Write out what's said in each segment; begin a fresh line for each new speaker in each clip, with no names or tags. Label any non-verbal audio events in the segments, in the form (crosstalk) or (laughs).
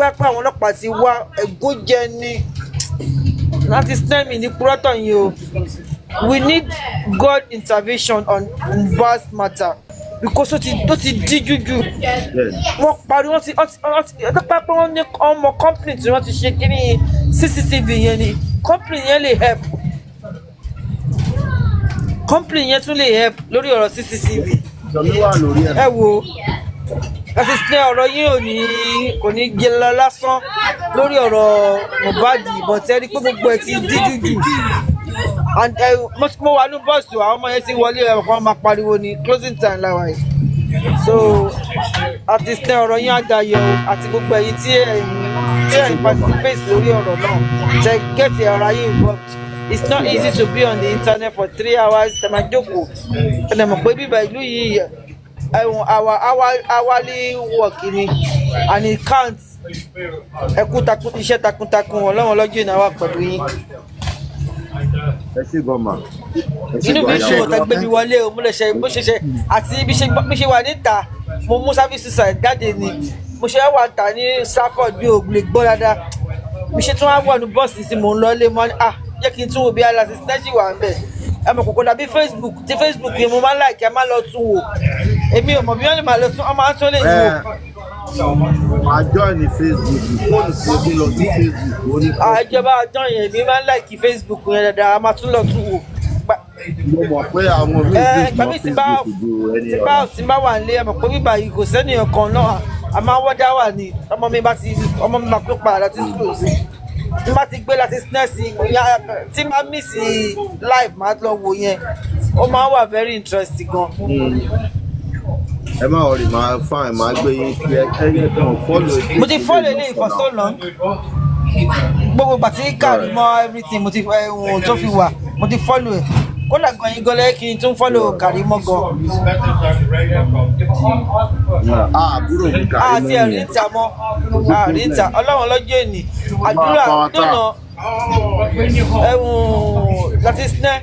pẹ́pẹ́ àwọn ọlọ́pàá ti wá ẹ̀gúnjẹ ni láti stemi ní púrọ́tọ̀ yìí o we need God intervention on vast matter because ó ti ó ti dí jújù wọ́n parí wọ́n ti wọ́n ti ọlọ́pàá pé wọ́n ní ọmọ company tí wọ́n ti ṣe kí ni CCTV yẹn ni company yẹn lè help company yẹn tún lè help lórí ọ̀rọ̀ CCTV ẹ wo assistant ọ̀rọ̀ yín ò ní kò ní gé lọ lásán lórí ọ̀rọ̀ Mohbad but ẹ rí pé gbogbo ẹ ti díjú jù mo wà ní bọ́ọ̀sì àwọn ọmọ yẹn ti wọlé ẹ̀rọ kan máa pariwo ní closing time láwa yìí so assistant ọ̀rọ̀ yín àdàyọ̀ àti gbogbo ẹ̀yin tí ẹ̀ tí ẹ̀ participate lórí ọ̀rọ̀ náà tẹ gẹ̀ẹ́tì ara yín involved it's not easy to be on the internet for three hours tẹ̀májókòó ẹ̀ dẹ̀ mọ̀ pé bíbá ìlú yìí our our hourly work ni and it counts ẹ kú takun iṣẹ́ takuntakun ọlọ́run ọlọ́jọ́ ìnáwó pẹ̀lú yín.
ẹ ṣe gọmà. inú mi dùn ọ̀tá
gbé mi wọlé o mo lè ṣe bó ṣe ṣe àti bí ṣe wà níta mo mú sáfíìsì sàn jáde ni mo ṣe wà ta ní Stratford bí o lè gbọ́ dáadáa mi ṣe tún wá wọnú bọ́ọ̀sì tí mò ń lọlé mọ́ ni ah jẹ́ kí n tún wo bí aláṣẹ sinẹ́jì wà ń bẹ̀ ẹ mọ̀ kòkòrò àbí Facebook ti Facebook yẹn mo máa ń láìkí ẹ má lọ tún wò èmi ò mọ̀ bí wọ́n lè máa lọ sún ọmọ aṣọ lè
yíwò. máa join facebook fóònù tí o ti lọ sí facebook. àjọba
ah, àjọ yẹn èmi máa ń láìkí facebook yẹn dáadáa a máa tún lọ tún wò.
mo mọ̀ pé àwọn méjèèjì mọ̀ eh, facebook ju ẹni ọ̀la. tíbáwò tí
bá wà nílé ẹ̀mọ̀ pé bíbá yìí kò sẹ́niyàn kan náà a máa wọ́dá wà ní ọmọ mi bá ti ọmọ mi máa pé padà tí sùkúrò sí tí bá ti gbé láti sinẹ́sì tí bá mísì live máa lọ wò yẹn ó máa wà very interesting gan.
Hmm ẹ má wọrí máa fáìn máa gbé yín fi ẹ ẹ kàn fọ́lù ètò mo ti
fọ́lù eléyìí for so long gbogbo pàtí káàdì mọ everything mo ti fẹ́ eh, ohun tó fi wà mo ti fọ́lù ẹ̀ kódà gan yín gọlẹ́ kí n tún fọ́lù kàrí mọ́ gan. Ah, àbúrò mi kàrí ah, mọ́ yẹn. Ah, àti ẹ̀rí ìta mọ́ àrí ìta ọlọ́run lọ́jọ́ èní àdúrà dùnà ẹ̀wùn láti sinẹ́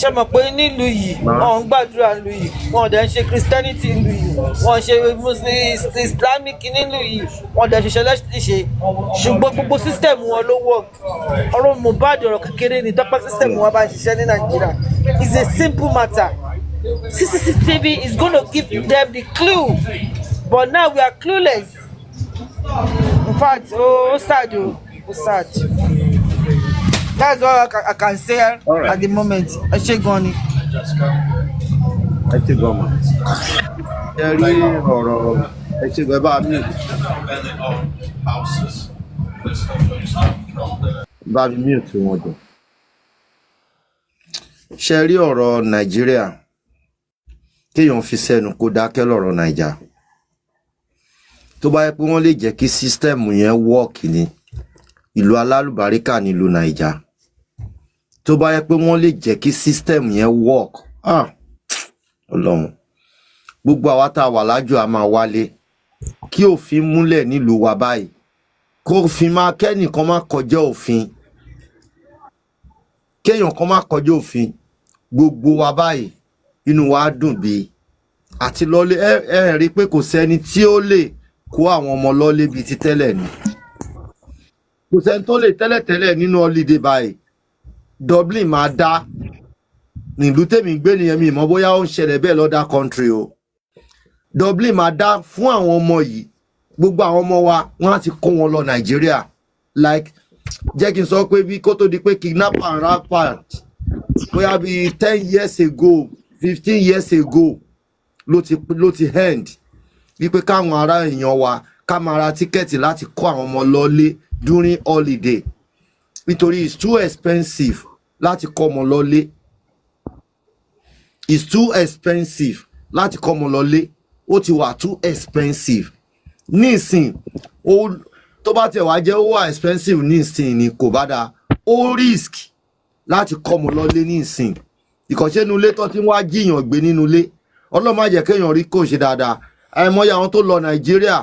ṣe mọ̀ pé nílùú yìí wọn ń gbàdúrà nílùú yìí wọn dẹ̀ ń ṣe christianity nílùú yìí wọn ṣe islamic nílùú yìí wọn dẹ̀ ṣiṣẹ́ lẹ́ṣiṣẹ́ ṣùgbọ́n gbogbo system wọn ló work ọ̀rọ̀ Mohbad ọ̀rọ̀ kékeré ni tọ́pẹ́ system wọn bá ń ṣiṣẹ́ ní Nàìjíríà it's a simple matter CCTV is gonna give them the clue but now we are clueless in fact oh, ó oh, sad o ó sad. That's all I, ca I can say eh, all right. at the moment. Ẹ ṣe gan ni. Ẹ
ṣe gan ma. Ẹ rí ọ̀rọ̀ ẹ ṣe gan bá mi. Bá mi mí òtún wọn jọ. Ṣé rí ọ̀rọ̀ Nàìjíríà? Kéèyàn fi sẹ́nu kó dákẹ́ lọ́rọ̀ Nàìjà. Tó bá yẹ pé wọ́n lè jẹ́ kí sísítẹ́ẹ̀mù yẹn wọ́ọ̀kì ni ìlú alálùbáríkà nílùú Nàìjíríà tó bá yẹ pé wọ́n lè jẹ́ kí system yẹn work ah ọlọ́run gbogbo àwa tá a wà lájọ a máa wálé kí òfin múlẹ̀ nílùú wa báyìí kó òfin máa kẹ́nìkan má kọjá òfin kéèyàn kan má kọjá òfin gbogbo wa báyìí inú wa dùn bí àti lọ́lé ẹ ẹ rí i pé kò sẹ́ni tí ó lè kó àwọn ọmọ lọ́lé bíi ti tẹ́lẹ̀ ni kò sẹ́ni tó lè tẹ́lẹ̀tẹ́lẹ̀ nínú ọlídé báyìí Dublin máa dá nílùú tèmi gbé nìyẹn mi mọ̀ bóyá ó ń ṣẹlẹ̀ bẹ́ẹ̀ lọ́dà country o Dublin máa dá fún àwọn ọmọ yìí gbogbo àwọn ọmọ wa wọ́n á ti kó wọn lọ Nàìjíríà like jẹ́ kí n sọ pé bí kó tó di pé kidnapper and rapper bóyá bíi ten years ago fifteen years ago ló ti ló ti end wípé káwọn ará èèyàn wa ká máa ra tíkẹ́ẹ̀tì láti kó àwọn ọmọ lọ́lé during holiday nítorí it's too expensive láti kọ́ ọmọ lọ́lé it's too expensive láti kọ́ ọmọ lọ́lé ó ti wà too expensive nísìn ó tó bá tiẹ̀ wá jẹ́ ó wà expensive nísìn ni kò bá dáa ó risk láti kọ́ ọmọ lọ́lé nísìn ìkọ̀ṣẹ́ inú ilé tó ti ń wá jiyàn gbé nínú ilé ọlọ́mọ àjẹ́ kéèyàn rí kò ṣe dáadáa àìmọye àwọn tó lọ nàìjíríà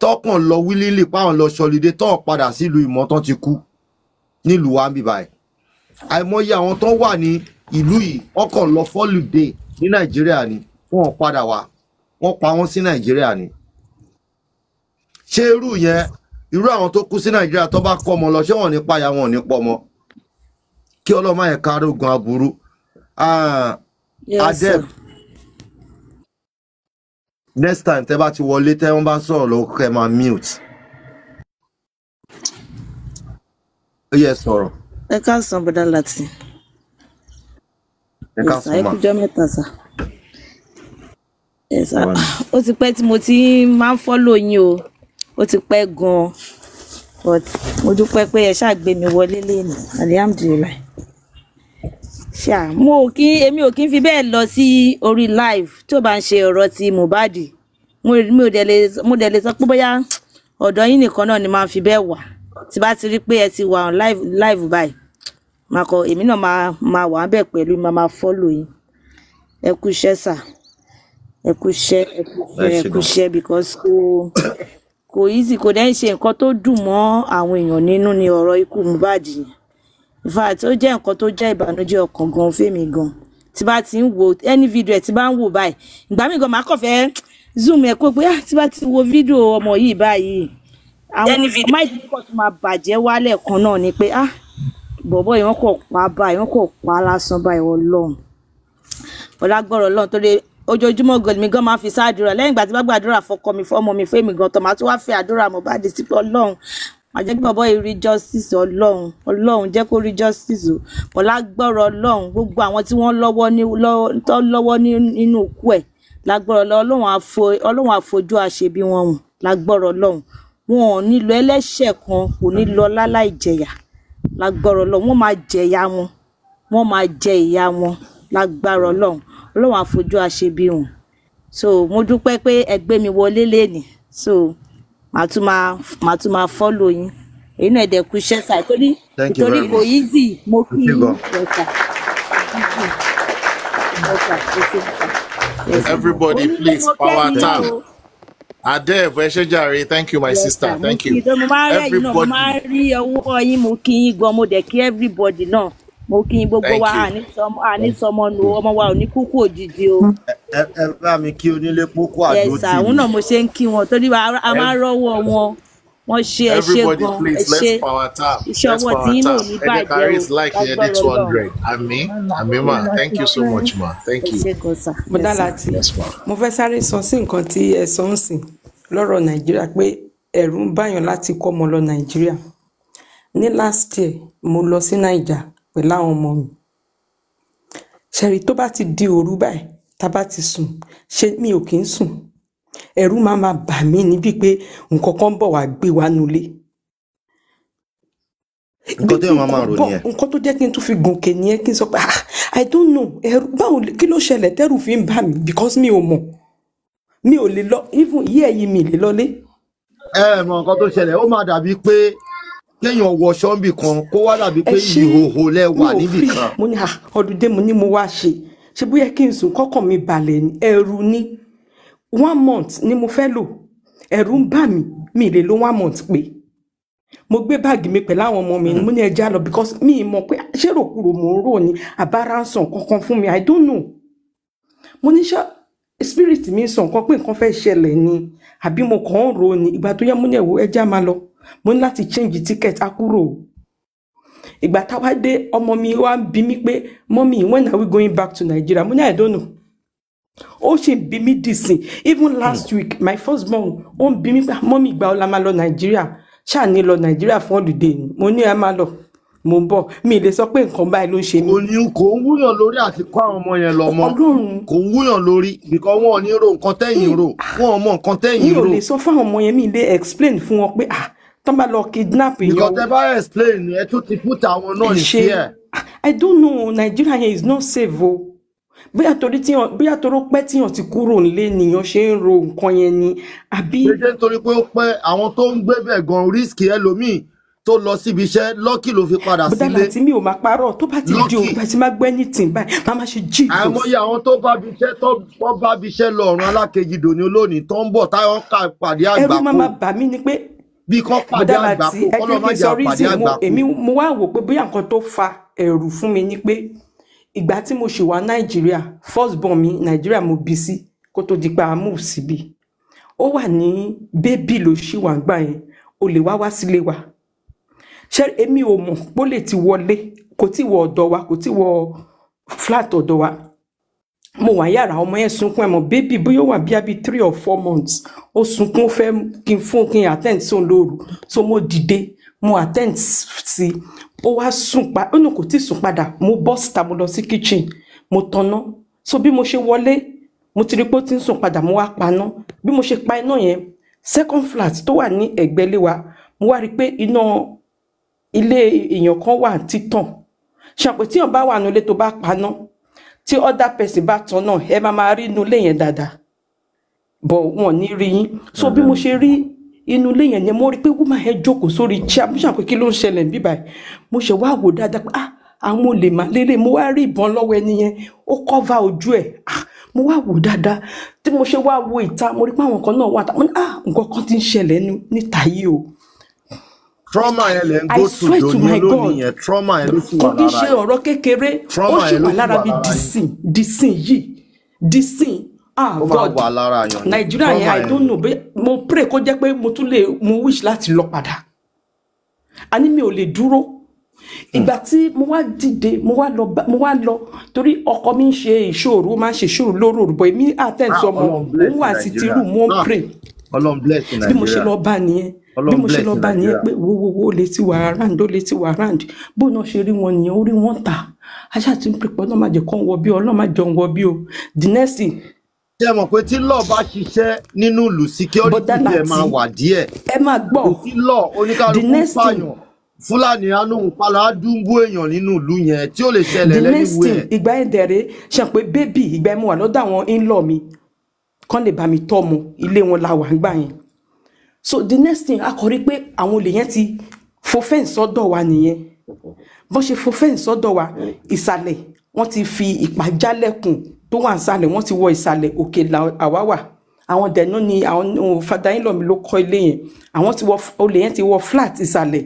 tọkàn lọ wílílì páwọn lọ sọlidé tọ́ padà sílùú ìmọ̀tán ti kú nílùú wa ń bíbáyìí àìmọye àwọn tó wà ní ìlú yìí ọkàn lọ fọ́lùdé ní nàìjíríà ni wọ́n padà wá wọ́n pa wọ́n sí nàìjíríà ni ṣé irú yẹn irú àwọn tó kú sí nàìjíríà tó bá kọ ọmọ lọ ṣé wọ́n ní payà wọ́n ní pọmọ kí ọlọ́mọ yẹn kárò gan aburú ah, adep next time tẹ́ bá ti wọlé tẹ́ wọ́n bá ń sọ̀rọ̀ lọ kẹ́ máa mute ó yẹ sọ̀rọ̀
ẹ káàsán bọ̀dá láti.
ẹ káàsán ma ẹ kújọ mẹ́ta sá. ẹ sá
ó ti pẹ́ tí mo ti máa ń fọ́lọ̀ yín o ó ti pẹ́ gan-an but mo dúpẹ́ pé ẹ ṣáà gbé mi wọlé lẹ́nu alihamudulilayi ṣá mo kí èmi ò kí ń fi bẹ́ẹ̀ lọ sí orí live tó bá ń ṣe ọ̀rọ̀ ti Mohbad mo dẹ̀ lè sọ pé bóyá ọ̀dọ̀ yín nìkan náà ni máa fi bẹ́ẹ̀ wà tí bá ti rí pé ẹ ti wà on live live báyìí màá kọ èmi náà máa máa wà bẹ́ẹ̀ pẹ̀lú màá máa fọ́lò yín ẹ kú iṣẹ́ sà ẹ kú iṣẹ́ ẹ kú iṣẹ́ ẹ kú iṣẹ́ because kò kò easy kò dẹ́n ṣe nǹkan tó dùn mọ́ àwọn èèyàn nínú ni ọ̀rọ̀ ikú Mohbad yìí in fact ó jẹ́ nǹkan tó jẹ́ ìbànújẹ́ ọkàn gan fèmí gan tí bá ti ń wo any video ẹ̀ tí bá ń wò báyìí ìgbà míì gan màá kàn fẹ́ zoom ẹ̀ kó pé ah, tí bá ti wo fídíò ọmọ yìí báyìí àwọn máìkì kọ̀ tún máa bàjẹ́ wálẹ̀ kan náà ni pé ah bọ̀bọ̀ ìwọ́n kò pa báyìí wọ́n kò pa lásán báyìí ọlọ́run ọlágbọ́rọ̀ ọlọ́run torí ojoojúmọ́ gan mi gan máa fi sáàdúrà lẹ́yìn ìgbà tí bá gbàdúrà fọkọ mi fọmọ mi fún èmi gan tọ́ màá tún wáá fẹ́ àdúrà mo bá di sípò ọlọ́run àjẹ́ kí bọ̀bọ̀ yìí rí justice ọlọ́run ọlọ́run jẹ́ kó rí justice ọlágbọ́rọ̀ ọlọ́run gbogbo àwọn tí wọ́n lọ́wọ́ nínú ikú ẹ̀ lágbọ́rọ̀ ọlọ́run àfojú àṣebí wọn hùn lágbọ́rọ̀ ọlọ́run wọn ò ní lọ ẹlẹ́ṣẹ̀ kan kò ní lọ láláì jẹ̀yà lágbára ọlọ́run wọ́n máa jẹ̀yà wọn wọ́n máa jẹ ìyà wọn lágbára ọlọ́run ọlọ́run àfojú àṣebí hàn so mo dúpẹ́ pé ẹgbẹ́ mi wọlé lẹ́nì so màá tún máa màá tún máa fọ́lò yín èyí náà ẹ̀dẹ̀ kú iṣẹ́ sáà torí torí kò easy mo kí i ẹ̀sà ẹ̀sà ẹ̀sà.
everybody please power down. Adev Eshejare, thank you, my yes, sister. Sir. Thank you. Everybody. Máa
rí ọwọ́ yín, mo kí yín gan, mo dẹ̀ kí everybody náà. Mo kí yín gbogbo wa, àní nu, ọmọ wa ò ní kúkú
òjijì o. Ẹ bá mi kí onílé pókó àdó tì mí. Yes sir, náà
mo ṣe ń kí wọn torí a máa rọ́wọ́ wọn wọ́n ṣe ẹ ṣe gan ẹ ṣe
iṣẹ́ ọwọ́ tí yín náà ní bàjẹ́ o lágbára àmì àmì ma thank you so much ma
thank you. mo dá láti mo fẹ́ sáré sọ sí nǹkan tí ẹ sọ ń sìn lọ́rọ̀ nàìjíríà pé ẹ̀rù ń báyàn láti kọ́ ọmọ lọ nàìjíríà ní last year mo lọ sí naija pẹ̀lú àwọn ọmọ mi ṣẹ̀rí tó bá ti di òru báyìí tá a bá ti sùn ṣé mi ò kì í sùn ẹ̀rù máa ma bà mí níbi pé nǹkan kan bọ̀ wá gbé wa nulẹ̀. nǹkan tó yẹ máa máa rò nìyẹn. nǹkan tó jẹ́ kí n tún fi gòkè nìyẹn kí n sọ pé ah i don't know ẹ̀rù báwo kí ló ṣẹlẹ̀ tẹ́rù fi ń bà mí because mi ò mọ̀ mi ò lè lọ even yí ẹ̀yìn mi lè
lọlé. ẹ ẹ mọ nǹkan tó ṣẹlẹ̀ ó máa dàbí pé kéèyàn wọ ṣọ́ọ̀bì kan kó wá dàbí pé ìhòòhò lẹ wà níbì kan. mo ní ah, ọdún dé mo ní mo wá ṣe ṣe bóyá
kí n sùn kọ́kàn mi balẹ̀ ẹ̀rù ni one month ni mo fẹ́ lò ẹ̀rù ń bà mí mi lè lo one month pé mo gbé báàgì mi pẹ̀lú àwọn ọmọ mi mo ní ẹja lọ because mi mọ̀ pé ṣé ròkúrò mò ń rò ní àbára ń sàn kankan fún mi i don't know mo ní ṣá spirit mi ń sọ nǹkan pé nǹkan fẹ́ ṣẹlẹ̀ ni àbí mo kàn ń rò ní ìgbà tó yẹ mo ní ẹ̀wọ̀ ẹja máa lọ mo ní láti change ticket á kúrò ìgbà táwa dé ọmọ mi wá ń bi pé mọ́mí when are we going back to Nigeria mo ní i don't know Oh, she be me dìsìn even last hmm. week my first born oh, be me mommy mọ́mí ìgbà ọ̀la máa lọ nàìjíríà ṣáà ní lọ nàìjíríà fún ọ̀lùdè ni mo ní ẹ máa lọ
mo ń bọ̀ mi lè sọ pé nǹkan báyìí ló ń ṣe mí. òyìn kò ń wúyàn lórí àti kó àwọn ọmọ yẹn lọ mọ kò ń wúyàn lórí because wọn ò ní ro nǹkan tẹ́yìn ro hmm. wọn ò mọ nǹkan tẹ́yìn ro. mi ò lè sọ
fáwọn ọmọ yẹn mi lè explain fún wọn pé ah tán bá lọ kidnap èèyàn. because ẹ bá explain ẹ tún ti put àwọn náà ní fear. I don't know Nigeria here is not safe Oh bóyá
torí tí yàn bóyá torí pẹ́ tí yàn ti kúrò nílé nìyàn ṣe ń ro nǹkan yẹn ni àbí. ṣe nítorí pé ó pẹ́ àwọn tó ń gbé bẹ̀ gan rísíkì ẹlòmíì tó lọ síbi iṣẹ́ lọ́kì ló fi padà sílé. bọ́dà láti mi ò máa parọ́ tó bá ti di òun bá ti máa gbẹ́ ní tìǹ báyìí máa máa ṣe jí. àìmọye àwọn tó bá bi iṣẹ́ tó bá bi iṣẹ́ lọ ọ̀run alákejì dòní olónìí tó ń bọ̀ táwọn kà pàdé àgbà kú. bí kò pàdé àgbà kú kọ́ lọ́ máa jà pàdé àgbà kú. èmi mo
wá wò pé bóyá nǹkan tó fa ẹ̀rù ìgbà tí mo ṣì wà nàìjíríà first born mi nàìjíríà mo bí sí kó tó di pa move síbi ó wà ní bébì ló ṣì wà gbà yẹn o lè wá wá sílé wa ṣé èmi ò mọ̀ pó lè ti wọlé kò tí wọ ọ̀dọ̀ wa kò tí wọ flat ọ̀dọ̀ wa mo wà yàrá ọmọ yẹn sunkún ẹ mọ bébì bóyá ó wà bí abi three or four months ó sunkún ó fẹ́ kí n fún kí n attend sí lóru so mo dìde mo attend sí ó wá sùn pa ó nù kò tí sùn padà mo bọ́ síta mo lọ sí kitchen mo tanná so bí mo ṣe wọlé mo ti rí pé ó ti ń sùn padà mo wá paná bí mo ṣe pa iná yẹn second flat tó wà ní ẹ̀gbẹ́ ilé wa mo wá rí i pé iná ilé èèyàn kan wà títàn ṣàpè tíyàn bá wà nulẹ̀ tó bá paná tí other person bá tan náà ẹ máa máa rí inú ilé yẹn dáadáa bọ̀ wọn ní rí yín so bí mo ṣe rí inú ilé yẹn yẹn mo rí i pé woman yẹn jókòó sórí chair mo ṣàpè kí ló ń ṣẹlẹ̀ ń bíbà mo ṣe wá wò dáadáa pé ah àwọn olè mà lélẹ̀ mo wá rí ìbọn lọ́wọ́ ẹni yẹn ó cover ojú ẹ̀ ah mo wá wò dáadáa tí mo ṣe wá wo ìta mo rí pé àwọn kan náà wà tá mo ní ah nǹkan kan ti ń ṣẹlẹ̀ níta yìí o trauma yẹn lè ń go to lónìí lónìí
yẹn trauma yẹn ló sì wà lára yẹn kò kí ṣe
ọ̀rọ̀ kékeré ó sì wà lára mi dìsìn dìsìn yìí dìsìn ah god ó máa wà lára àyàn ni nàìjíríà yẹn i don't know mo pray kó jẹ́ pé mo tún lè mo wish láti lọ padà a ní mi ò lè dúró ìgbà hmm. tí mo wá dìde mo wá lọ mo wá lọ torí ọkọ mi ń ṣe ìṣòro ó máa ń ṣe ìṣòro lóru òrùbọ èmi àtẹ̀sí ọmọ òun wà sí tìrú mo ń ah, pray
bí mo ṣe lọ bá
nìyẹn bí mo ṣe lọ bá nìyẹn pé wo wo wo létí wà around ó létí wà around bó náà ṣe rí wọn nìyẹn ó rí wọn ta aṣáà tí ń pèpọ́ náà má jẹ́ kán wọ bí ọ náà má jẹun wọ bí
o the next thing ṣe mọ̀ pé tí lọ́ọ̀ bá ṣiṣẹ́ nínú ìlú security ẹ̀ máa wà díẹ̀ ẹ máa gbọ́ kò sí lọ́ọ̀ oníkálukú pààyàn fúlàní anóhùn pala èèyàn nínú ìlú yẹn tí ó lè ṣẹlẹ̀ lẹ́yìnwó ẹ̀. ìgbà yẹn dẹ̀rẹ̀ ṣe pé bébì
ìgbà yẹn mo wà lọ́dọ̀ àwọn in-law mi kán lè bá mi tọ́ mu ilé wọn la wà nígbà yẹn so the next thing a kọ rí pé àwọn olè yẹn ti fo fẹ́ǹsì sọ́dọ̀ wa nìyẹn bọ́n ṣe fo fẹ́ǹsì sọ́dọ̀ wa ìsàlẹ̀ wọ́n ti fi ìpàjálẹ̀kùn tó wà nísàlẹ̀ wọ́n ti wọ ìsàlẹ̀ òkè àwa wà àwọn dẹ̀nú ni àwọn fada yín lọ́mi ló kọ́ ilé yẹn àwọn ti wọ olè yẹn ti wọ flat ìsàlẹ̀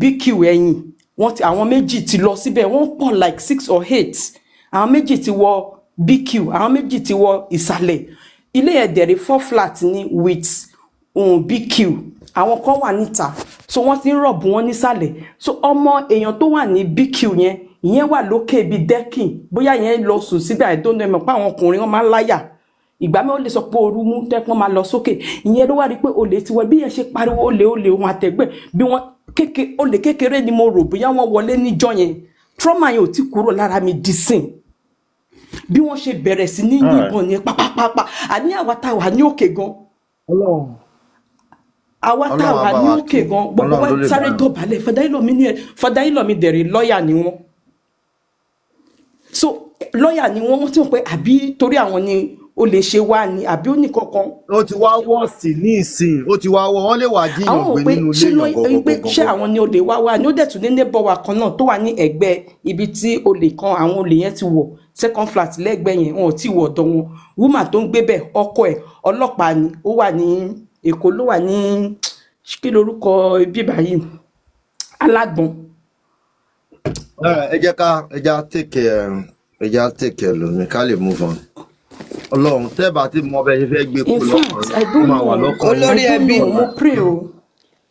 bq ẹ̀yìn wọ́n ti àwọn méjì ti lọ síbẹ̀ wọ́n pọ̀ like six or eight àwọn méjì ti wọ bq àwọn méjì ti wọ ìsàlẹ̀ ilé yẹn dẹ̀rẹ̀ four flat ni with um, bq àwọn kan wà níta so wọ́n ti ń rọ̀bù wọn nísàlẹ̀ so ọmọ èèyàn tó wà ní bq yẹn ìyẹn wà lókè ibi dẹ́kìn bóyá ìyẹn lọ sùn síbẹ̀ àìdóńdó ẹ̀mọ̀ pé àwọn ọkùnrin wọn máa ń láyà ìgbà mẹ́wọ́n lè sọ pé ooru mú tẹ́pọ́n máa lọ sókè ìyẹn ló wá rí pé olè ti wọ bí yẹn ṣe pariwo olè olè òun àtẹ̀gbẹ́ bí wọ́n kéke olè kékeré ni mo rò bóyá wọ́n wọlé níjọ́ yẹn trauma yẹn ò ti kúrò lára mi di sìn bí wọ́n ṣe bẹ̀rẹ̀ sí ní yìnbọn yẹn pápápápá àní àwa tá a wà ní òkè gan àwa tá a wà ní òkè gan gbogbo wa sáré dọ̀bálẹ̀ fàdáyìlọ́mi dẹ̀rẹ̀ lọ́ọ̀yà ni wọ́n so lọ́ọ̀yà ni wọ́n wọ́n ti wọ́n pé àbí torí àwọn ni o lè ṣe wá ni àbí ó ní kankan. ó ti wá wọ́ sí ní ìsìn ó ti wá wọ́ wọ́n lè wá dín ìyàn gbé nínú ilé ìyàn gbogbogbò. ṣé àwọn ni o lè wá wá ni ó dẹ̀ tún ní neighbor wa kan náà tó wà ní ẹ̀gbẹ́ ibi tí olè kan àwọn olè yẹn ti wọ̀ second flat lẹ́gbẹ̀ẹ́ yẹn wọn ò tí ì wọ̀ ọ̀dọ̀ wọn woman tó ń gbé bẹ̀ ọkọ ẹ̀ ọlọ́pàá ni ó wà ní Èkó ló wà ní kí lorúkọ bíbá yìí alágbọ̀n
ẹ jẹ́ ká ẹ jẹ́ á tèkè um, ẹ jẹ́ á tèkè lómi ká lè move on. Ọlọ́run tẹ́ẹ̀bà tí mo bẹ ṣe fẹ́ gbé kú
lọ́kàn máa wà lọ́kàn. Olórí ẹbí mo
pray o.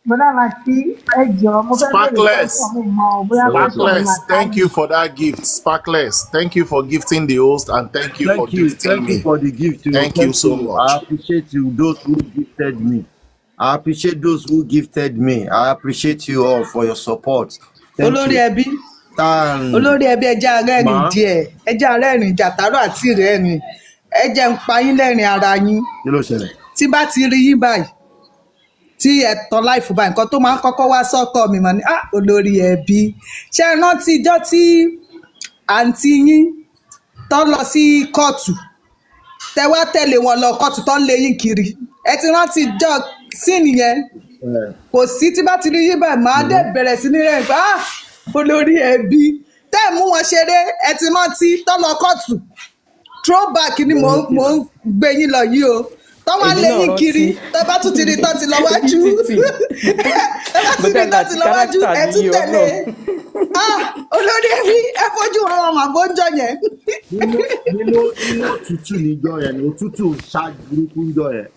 Mo dábàá sí ẹjọ́
mo fẹ́ bẹ̀rẹ̀ fún mi
mọ̀ bóyá bá tó ń bá.
Thank you for that gift Sparkless thank you for gifting the host and thank you thank for gifting me. Thank you for the gift. Thank, thank you so much. I appreciate
you those who gifted me. I appreciate those who gifted me. I appreciate you all for your support. Thank Olórí ẹbí. You olórí
ẹbí ẹja rẹ́rìn díẹ̀ ẹja rẹ́rìn jàtàrọ àti rẹ́rìn ẹjẹ ń pa yín lẹ́rìn ara yín tí bá ti rí yín báyìí tí ẹ tán láìfù báyìí nǹkan tó máa ń kọ́kọ́ wá sọ́kọ mi mọ̀ ní ah olórí ẹbí ṣe rántí ijọ́ tí àǹtí yín tán lọ sí kóòtù tẹ wá tẹ̀lé wọn lọ kóòtù tán lé yín kiri ẹ ti rántí ijọ́ sí nìyẹn kò sí tí bá ti rí yín báyìí máa dẹ̀ mm-hmm. bẹ̀rẹ̀ sí ní rẹ̀ pé ah olórí ẹbí tẹ́ ẹ̀ mú wọn ṣeré ẹ ti rántí tọ́lọ kóòtù throwback ni mò ń gbé yín lọ yìí o tọ́ wá lé kiri tọ́ bá tún ti rí tọ́ ti lọ wájú tọ́ (laughs) bá tún rí tọ́ ti lọ wájú ẹ tún tẹ̀lé (laughs) ah, olórí ẹbí ẹ fojú wọn wọn màbó ń jọ yẹn.
nínú nínú òtútù níjọ yẹn ní òtútù ṣáájú burúkú níjọ yẹn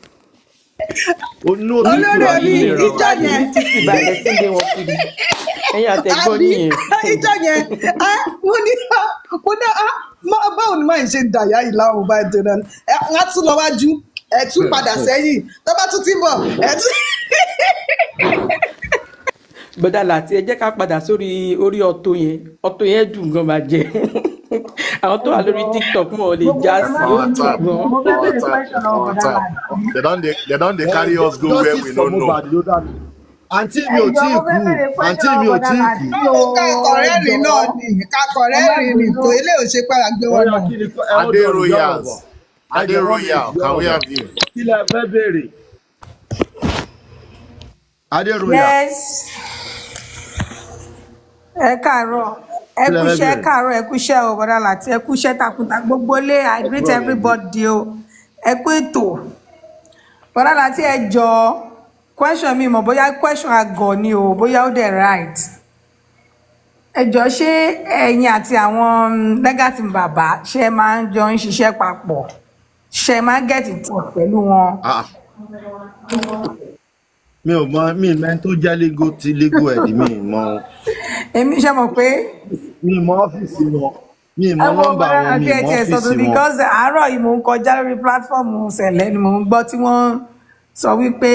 olórí ẹbí ìjọ yẹn
ẹ̀yin àtẹ̀gbọ́n nìyẹn. ìjọ yẹn mo ní mo ní ah, báwo ni máa ń ṣe dàyà ìlà òun báyìí tó náà á tún lọ wájú ẹ tún padà sẹ́yìn tó bá tún ti bọ̀ ẹ tún.
gbọ́dàlà (laughs) tí ẹ ká padà sórí orí ọ̀tò yẹn ọ̀tò yẹn dùn gan máa jẹ
(laughs) àwọn tó wà lórí tiktok mọ ò lè já sí ó dùn gan. water
water
they don dey carry us go where we no know
àǹtí mi ò tí ì
kú àǹtí mi ò tí ì kú. kakọ̀rẹ́
rìn náà ni
kakọ̀rẹ́ rìn ni kò ilé ò ṣe padà gbé wọn lọ.
adé royal
adé royal kàwé àbí. kí la fẹ́ béèrè. adé royal. yes
ẹ káàárọ̀ ẹ kúṣẹ́ ẹ ẹ kúṣẹ́ o bọ̀dá láti ẹ kúṣẹ́ takunta gbogbo lé i greet everybody o ẹ kú ètò bọ̀dá láti ẹ jọ question mi mọ̀ bóyá question àgọ̀ ni o bóyá ó dẹ̀ right ẹjọ́ ṣé ẹ̀yin ati àwọn legal mm, baba. bàbá ṣe máa ń jọ ń ṣiṣẹ́ papọ̀ get in touch pẹ̀lú
Ah. mi ò mọ mi ì mẹ́ni tó jẹ́ lego ti lego ẹ̀ mi ì mọ. èmi ṣe mọ̀ pé. mi ì mọ ọ́fíìsì mi ì mọ nọ́mbà mi ì mọ ọ́fíìsì because
àárọ̀ yìí mò ń kọjá lórí platform ṣẹlẹ̀ ni mò ń gbọ́ tí wọ́n sọ wípé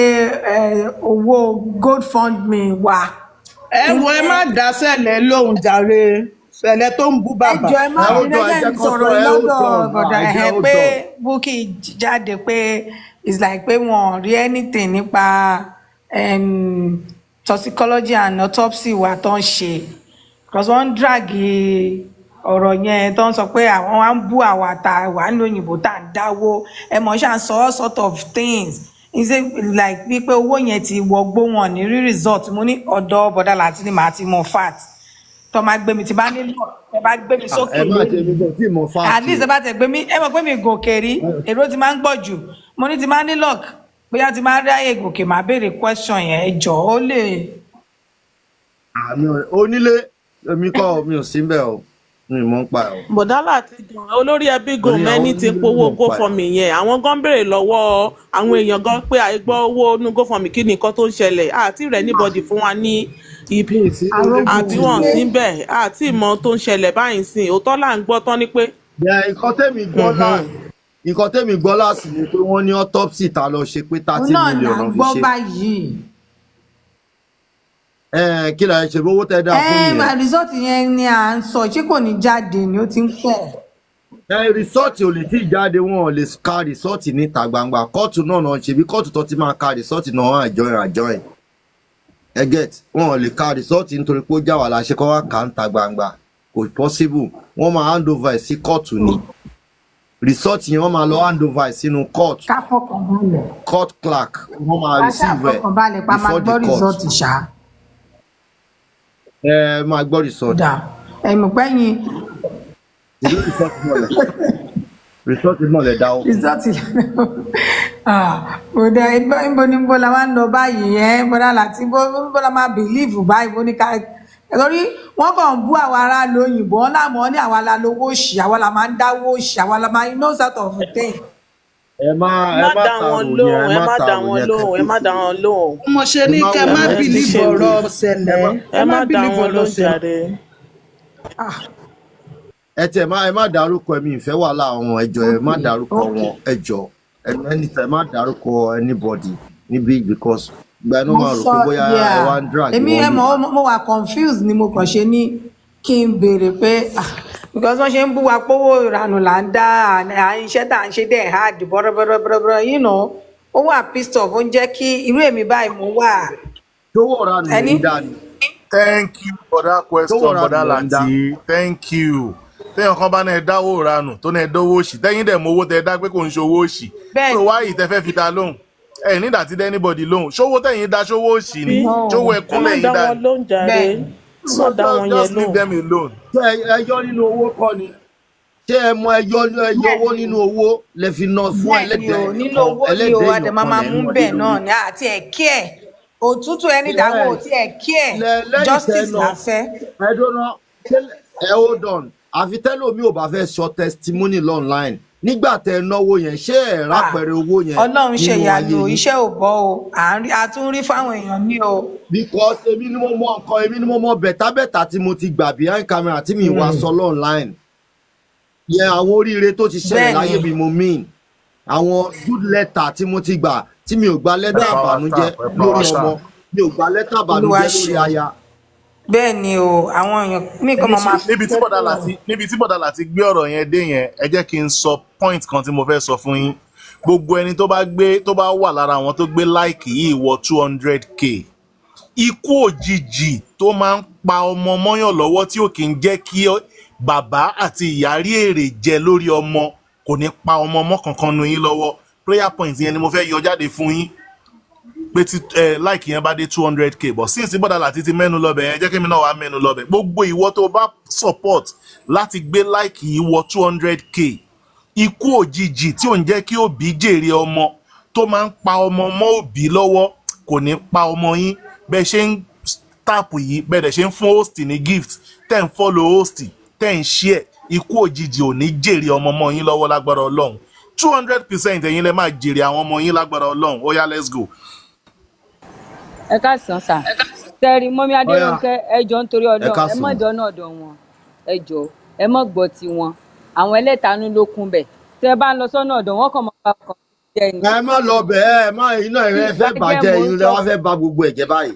owó GoFundMe wa. ẹ wo ẹ má dá sẹ́lẹ̀ lóhùn jàre sẹlẹ tó ń bú bàbá. ẹjọ ẹ má fi nẹgẹ sọ̀rọ̀ lọ́dọ̀ bọdà ẹ pé Bukky jáde pé it's like pé wọn rí anything nípa toxicology and autopsy wa tó ń ṣe because wọ́n ń drag ọ̀rọ̀ yẹn tó ń sọ pé àwọn wá ń bú àwa tá wà ń lóyìnbó tá à ń dáwó ẹ mọ̀ ṣáà sọ all sort of things ṣe like wípé owó yẹn ti wọgbó wọn ní rí result mo ní ọ̀dọ̀ bọ̀dá láti ni màá ti mọ fat tó máa gbé mi tí bá nílò ẹ bá gbé mi ah, sókè ẹ má tẹ mi bọ tí mo fat at least ẹ bá tẹ gbé mi ẹ mọ̀ pé mi gòkè rí ah. èrò ti máa ń gbọ́ jù mo ní ti máa ní luck bóyá ti máa ráyè gòkè máa béèrè question yẹn ẹ jọ ó lè.
àmì ah, onílé èmi kọ́ mi ò sí bẹ́ẹ̀ o mi mọ̀ ń pa ẹ̀.
bọ̀dálà
ti dùn olórí ẹbí gòmẹ́ ní ti powó gófọ̀mì yẹn àwọn gan béèrè lọ́wọ́ àwọn èèyàn gan pé àìgbọ́ owó inú gófọ̀mì kí ni nǹkan tó ń ṣẹlẹ̀ àti rẹ̀ níbọ̀dì fún wa ní ibi àti wọn síbẹ̀
àti ìmọ̀ tó ń ṣẹlẹ̀ báyìí sìn òótọ́ là ń gbọ́ tán ni pé. nǹkan tẹ́mi gbọ́ náà nǹkan tèmi gbọ́ láti mhm. ni pé wọ́n ní autopsy ta lọ ṣe pé thirty million ló fi ṣe kí la ṣe owó tẹ dá fún yẹn. ẹ
resort yẹn ni à ń sọ ṣé kò ní jáde ni ó ti ń pọ̀.
ẹ resort ò lè tí ì jáde wọn ò lè ka resort níta gbangba kóòtù náà náà ṣe bí kóòtù tó ti máa ka resort náà àjọyìn àjọyìn ẹ get wọn ò lè ka resort nítorí pé ó já wà láṣẹ kó wá kà ń gbangba kò possible wọn máa hand over ẹ sí kóòtù ni resort yẹn wọn máa lọ hand over ẹ sínú court court clerk wọn máa receive ẹ
before the court
ẹ máa gbọ́ resort. dà
ẹ̀mí pẹ́yìn.
ìlú resort mọ̀lẹ̀ resort mọ̀lẹ̀ dá o.
resort bọ̀dà ibo ni bó la máa ń lọ báyìí ẹ bọ̀dà láti bó la máa bìlíìfù báyìí bó ní ká torí wọn kàn bú àwọn ará lóyìnbó wọn làmọ ní àwa la lówó òṣì àwa la máa ń dáwó òṣì àwa la máa ń know sort of thing
ẹ má ẹ má dá wọn lóhùn ẹ má dá wọn lóhùn ẹ má dá wọn lóhùn. mo ṣe ní kẹ má bìlíbù ọ̀rọ̀ ṣẹlẹ̀ ẹ má bìlíbù ọ̀rọ̀ ṣẹlẹ̀. Ah. ẹ tẹ má ẹ má dárúkọ ẹmí ìfẹ́ wàhálà wọn ẹjọ ẹ má dárúkọ wọn ẹjọ ẹ má dárúkọ anybody níbí because gba inú máa rò pé bóyá ẹ wá ń drag. èmi ẹ mọ̀
mo wà confused ni mo kàn ṣe ní kí n béèrè pé ah, because wọ́n ṣe ń bú wa ìranù là ń dá iṣẹ́ tá à ń ṣe dẹ̀ hard bọ́rọ̀bọ́rọ̀bọ́rọ̀ you know ó wà pissed off ó ń jẹ́ kí irú èmi báyìí mo wà. tówó ọ̀rá nù lè dá
ni. thank you for that question bọ́dá làǹtí thank you téèyàn kan bá náà dáwó ìranù tó náà dówó òṣì tẹ́yìn dẹ̀ mowó tẹ́ dá pé kò ń ṣowó òṣì bẹ́ẹ̀ ni wáyé tẹ́ fẹ́ fi ta lóhùn ẹ nígbà tí dẹ́nibọ̀dì lóhùn ṣówó tẹ́yìn dá ṣówó òṣì ni ṣówó ẹkúnlẹ̀ yìí dá ni sọ dá wọn yẹn lóhùn. ẹyọ nínú owó kọ́ ni
ṣé ẹ mọ ẹyọ ẹyọ owó nínú owó lè fi ná fún ẹlẹ́dẹ̀ nínú owó ni o àdèmọ máa mú bẹ́ẹ̀ náà
ni àti ẹkí ẹ òtútù ẹni dàgbà òtí ẹkí ẹ justice la
fẹ́. ẹ dọ́nà ẹ hold on àfi tẹ́lómi ò bá fẹ́ sọ testimony online nígbà tẹ náwó yẹn ṣé ẹ rápẹrẹ ah, owó yẹn nínú ayé yìí Ọlọ́run ṣe ìyàlò iṣẹ́ ò bọ o a tún rí fáwọn èèyàn ní o. because èmi ni mo mọ nǹkan èmi ni mo mọ bẹ̀tàbẹ̀tà tí mo ti gbà behind camera tí mi wá hmm. sọ online yẹn àwọn oríire tó ti ṣẹlẹ̀ láyé mi mo mean àwọn good letter tí mo ti gbà
tí mi ò gba lẹ́tà àbànújẹ́ lórí ọmọ mi ò gba lẹ́tà àbànújẹ́ lórí aya bẹ́ẹ̀ ni o àwọn èèyàn nìkan máa máa. níbi tí bọ̀dà láti níbi tí bọ̀dà láti gbé ọ̀rọ̀ yẹn dé yẹn ẹ jẹ́ kí n sọ point kan tí mo fẹ́ sọ fún yín gbogbo ẹni tó bá gbé tó bá wà lára àwọn tó gbé láìkì yìí wọ two hundred k ikú òjijì tó máa ń pa ọmọ mọ́yàn lọ́wọ́ tí ò kì í jẹ́ kí bàbá àti ìyá rí èrè jẹ lórí ọmọ kò ní pa ọmọ mọ́ kankan nu yín lọ́wọ́ prayer point yẹn ni mo fẹ́ yọ jáde fún yín pé tí ẹ láìkì yẹn bá dé two hundred k but since Bọ́dàlá ti ti mẹ́nu lọ́bẹ̀ yẹn jẹ́ kí mi náà wá mẹ́nu lọ́bẹ̀ gbogbo ìwọ tó bá support láti gbé láìkì yìí wọ two hundred k ikú òjijì tí ò ń jẹ́ kí òbí jèrè ọmọ tó máa ń pa ọmọ mọ́ òbí lọ́wọ́ kò ní pa ọmọ yín bẹ́ẹ̀ ṣe ń tàpù yìí bẹ́ẹ̀ dẹ̀ ṣe ń fún host ní gift tẹ́ follow host tẹ́ share ikú òjijì ò ní jèrè ọmọ mọ́ yín lọ́wọ́ lágbára ọlọ́run two hundred percent ẹ̀yin lẹ máa jèrè àwọn ọmọ yín lágbára ọlọ́run ó let's go
ẹ ká sàn sà tẹ́rí mọ́mí adérónkẹ́ ẹ jọ̀ọ́ nítorí ọdún ẹ mọ̀ jọ náà dọ̀ wọn ẹ jọ̀ọ́ ẹ mọ̀ gbọ́ tiwọn àwọn ẹlẹ́tanú ló kún bẹ̀ tẹ́ ẹ bá ń lọ sọ́nà ọ̀dọ̀ wọn kàn máa kàn jẹ ẹ̀yìn. ẹ má
lọ bẹ́ẹ̀ ẹ má iná ẹ fẹ́ bàjẹ́ ẹ̀yìn lẹ́wọ́n fẹ́ ba gbogbo ẹ̀jẹ̀ báyìí.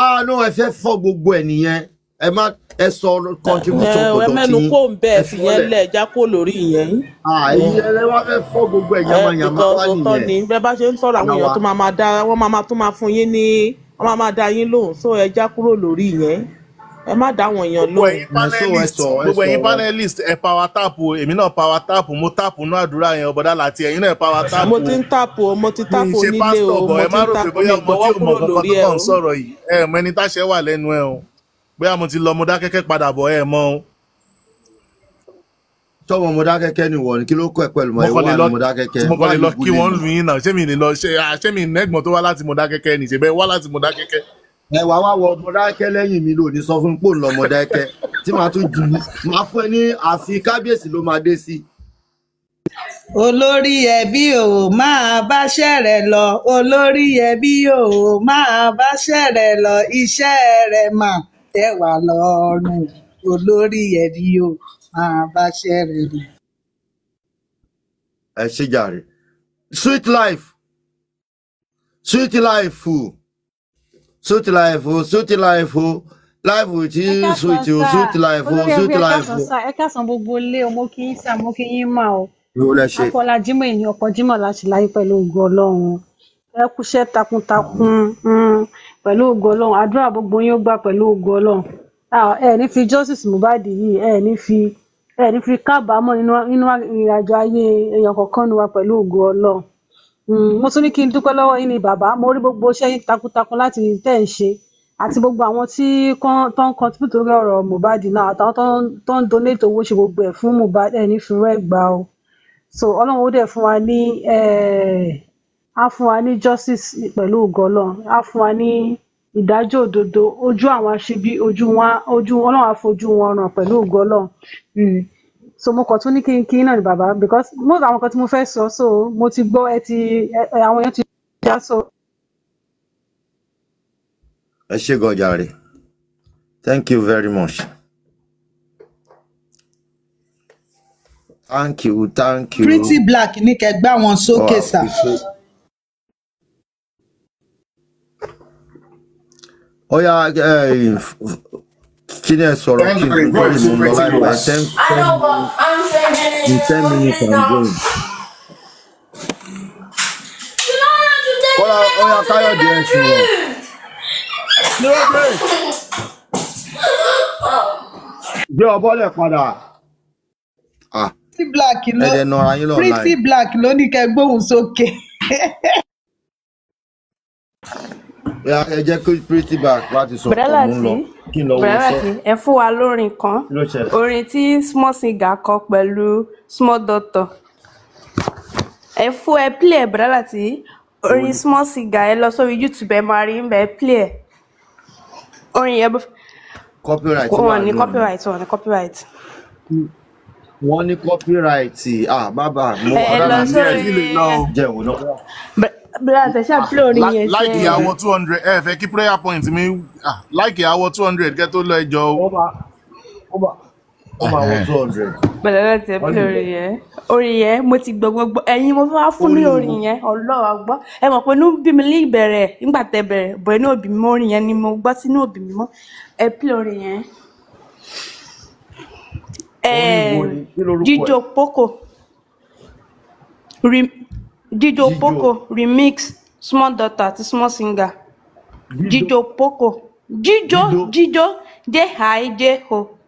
àánú ẹ fẹ́ fọ́ gbogbo ẹ̀ nìyẹn ẹ má ẹ sọ contribution tó dọ̀tí ẹ mẹ́nu kó ń bẹ́ẹ̀ fi yẹn lẹ̀ já kó lórí ìyẹn. ẹ̀yin ẹ wá fẹ́ fọ́ gbogbo ẹ̀ yamayama wá nìyẹn. bẹ́ẹ̀ bá ṣe
ń sọ̀rọ̀ àwọn èèyàn tó máa máa dá wọ́n máa máa tó máa fún yín ní wọ́n máa máa dá yín lóhùn só ẹ já kúrò lórí ìyẹn ẹ má dá àwọn èèyàn lóhùn. gbogbo ẹ̀yin
panelist ẹ power tap o èmi náà power tap mo tap nú àdúrà yẹn ọbọdá láti ẹ̀yin náà power tap o. mo ti ń
tap o mo ti tap o nílé o mo ti ń tap o mi gbọ́wọ́ kúrò lórí ẹ o.
ẹ mọ ẹni táṣẹ wà lẹ́nu ẹ o bóyá mo ti lọ Mọdákẹ́kẹ́ padà bọ̀ ẹ mọ́ o.
tọmọ Mọdákẹ́kẹ́ ni wọ ni kí ló kọ ẹ pẹ̀lú mọ ìwà ni Mọdákẹ́kẹ́ mo kọ́ni lọ kí wọ́n lù
yín náà ṣé mi ní lọ ṣé mi nẹ́gbọ̀n tó wá láti Mọdákẹ́kẹ́ ni ṣèbẹ́ wá láti Mọdákẹ́kẹ́. ẹ wá wá wọ Mọdákẹ́kẹ́
lẹ́yìn mi lónìí sọ fún pò ń lọ Mọdákẹ́kẹ́ (laughs) olórí ẹbí o máa báṣẹ́
rẹ̀ lọ olórí ẹbí o máa báṣẹ́ rẹ̀ lọ iṣẹ́ rẹ̀ mà tẹ́ wa olórí ẹbí o máa bá ṣẹ́rẹ̀
rẹ̀. ẹ ṣe jàre sweet life sweet life o sweet life o sweet life o life with you sweet o sweet life o sweet life o.
ẹ káàsán gbogbo ilé o kí yín sá kí yín mà o akọlá jimoh ènìyàn ọkọ jimoh láti láyé pẹ̀lú ògùn Ọlọ́run ẹ kúṣẹ́ takuntakun. Mm. Mm pẹ̀lú ògo ọlọ́run àdúrà gbogbo yín ó gbà pẹ̀lú ògo ọlọ́run ẹ ní fi justice Mohbad yìí ẹ ní fi ẹ ní fi kábàámọ̀ nínú ìrìn àjò ayé èèyàn kọ̀ọ̀kan nu wa pẹ̀lú ògo ọlọ́run hmm, mo tún ní kí n dúpẹ́ lọ́wọ́ yín ni bàbá mo rí gbogbo iṣẹ́ yín takuntakun láti tẹ̀ ń ṣe àti gbogbo àwọn tí tó ń contribute lórí ọ̀rọ̀ Mohbad náà àtàwọn tó ń donate owó ṣe gbogbo ẹ̀ fún Mohbad ẹ̀ ní fi rẹ́ gbà o so ọlọ́run ó dẹ̀ fún wa ní á fún wa ní justice pẹ̀lú ògo ọlọ́run á fún wa ní ìdájọ́ òdodo ojú àwọn aṣebi ojú wọn ojú ọlọ́run á fojú wọn ràn pẹ̀lú ògo um so mo kàn tún ní kí n náà ní bàbá because most àwọn kan tí mo fẹ́ sọ so mo ti gbọ́ ẹ ti ẹ àwọn èèyàn ti já so.
ẹ ṣé gan thank you very much. thank you thank you. pretty
black ní kẹgbẹ́ àwọn sókè oh, sá.
ọ̀yà kí ni ẹ sọ̀rọ̀ kí ni mo ń lọ láìpẹ́ ten ten ten minutes and go. ọ̀yà ọ̀yà káyọ̀dé ẹ̀ sọ̀rọ̀. (laughs) gbé ọbọ̀lẹ̀ padà.
pretty black ló pretty black ló ní kẹ́ gbóhùn sókè. (laughs)
ẹ jẹ́ kí pretty back láti sọ ọ̀pọ̀ mú lọ kí n lọ wọ́n sọ.
ẹ fún wa lórin kan orin tí small singer kọ pẹ̀lú small doctor ẹ fún ẹ play ẹ bẹ̀rẹ̀ láti orin small singer ẹ lọ sórí youtube ẹ máa rí ń bẹ ẹ play ẹ orin yẹn
copyright wọn ní copyright
wọn ní copyright.
wọ́n ní
copyright ah bàbá mo ọ̀rọ̀ mi ẹ̀ jẹun náà
brother ṣá ah, play orin yẹn ṣe láìkì àwọ
two hundred ẹ fẹ́ kí prayer point mi ah, láìkì àwọ two hundred kẹ́ tó lọ ẹjọ́ o. ó máa wọ two hundred.
bẹ̀rẹ̀ rẹ̀ tẹ play orin yẹn orin yẹn mo ti gbọ́ gbogbo ẹ̀yin mo máa fún ní orin yẹn ọlọ́wà gbọ́ ẹ mọ̀ pé inú bí mi lè bẹ̀rẹ̀ nígbà tẹ bẹ̀rẹ̀ bọ̀ inú òbí mi mọ́ orin yẹn ni mo gbọ́ sínú òbí mi mọ́ ẹ play orin yẹn. jíjó poko jíjó poco remix small daughter àti small singer jíjó poco jíjó jíjó jh jho.